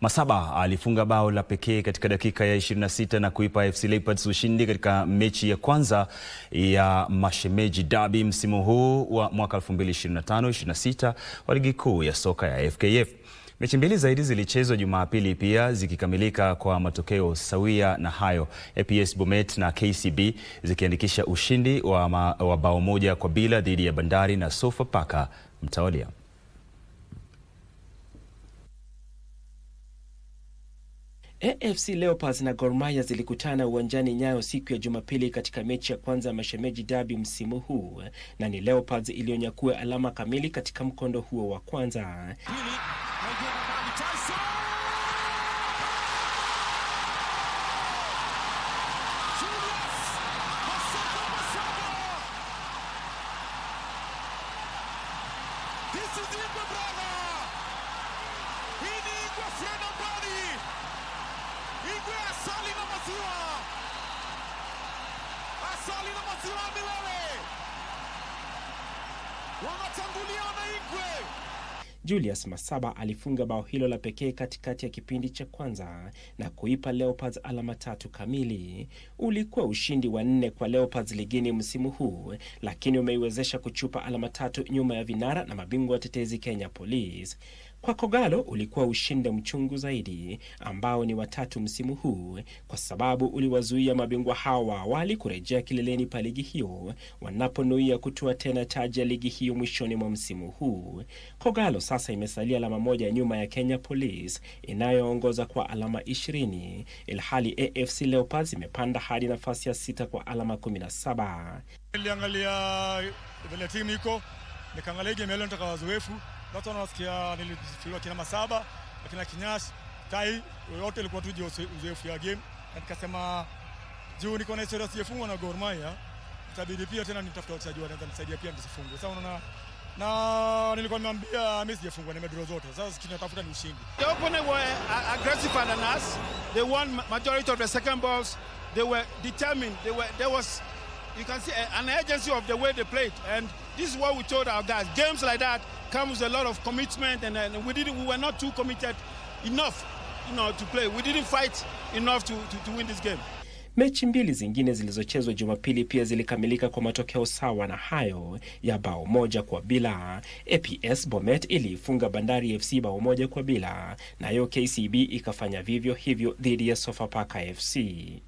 Masaba alifunga bao la pekee katika dakika ya 26 na kuipa FC Leopards ushindi katika mechi ya kwanza ya Mashemeji Derby msimu huu wa mwaka 2025/26 wa ligi kuu ya soka ya FKF. Mechi mbili zaidi zilichezwa Jumapili pia zikikamilika kwa matokeo sawia na hayo, APS Bomet na KCB zikiandikisha ushindi wa, wa bao moja kwa bila dhidi ya Bandari na Sofapaka mtawalia. AFC Leopards na Gor Mahia zilikutana uwanjani Nyayo siku ya Jumapili katika mechi ya kwanza ya mashemeji Derby msimu huu, na ni Leopards iliyonyakua alama kamili katika mkondo huo wa kwanza. This is it, Higuera, na maziwa, asali na maziwa milele, wanatangulia Julius Masaba alifunga bao hilo la pekee katikati ya kipindi cha kwanza na kuipa Leopards alama tatu kamili. Ulikuwa ushindi wa nne kwa Leopards ligini msimu huu, lakini umeiwezesha kuchupa alama tatu nyuma ya vinara na mabingwa watetezi Kenya Police. Kwa Kogalo ulikuwa ushindi mchungu zaidi, ambao ni watatu msimu huu, kwa sababu uliwazuia mabingwa hao wa awali kurejea kileleni pa ligi hiyo wanaponuia kutua tena taji ya ligi hiyo mwishoni mwa msimu huu. Kogalo sasa imesalia alama moja nyuma ya Kenya Police inayoongoza kwa alama 20, ilhali AFC Leopards imepanda hadi nafasi ya sita kwa alama 17. Niliangalia vile timu iko nikaangalia game leo, wazoefu watu wanaosikia nilichukuliwa kina Masaba lakini Kinyasi Tai yote ilikuwa tu uzoefu ya game, na nikasema juu niko na historia sijafungwa na Gor Mahia, itabidi pia tena nitafuta wachezaji wanaweza nisaidia pia nisifungwe. Sasa unaona, na nilikuwa nimeambia mimi sijafungwa, nimedraw zote. Sasa tunatafuta ni ushindi. The opponent were aggressive than us, they won majority of the second balls, they were determined, they were there was you can see eh, an urgency of the way they played. And this is what we told our guys. Games like that come with a lot of commitment, and, and we didn't. We were not too committed enough, you know, to play. We didn't fight enough to, to, to win this game. Mechi mbili zingine zilizochezwa Jumapili pia zilikamilika kwa matokeo sawa na hayo ya bao moja kwa bila. APS Bomet iliifunga Bandari FC bao moja kwa bila, nayo KCB ikafanya vivyo hivyo dhidi ya Sofapaka FC.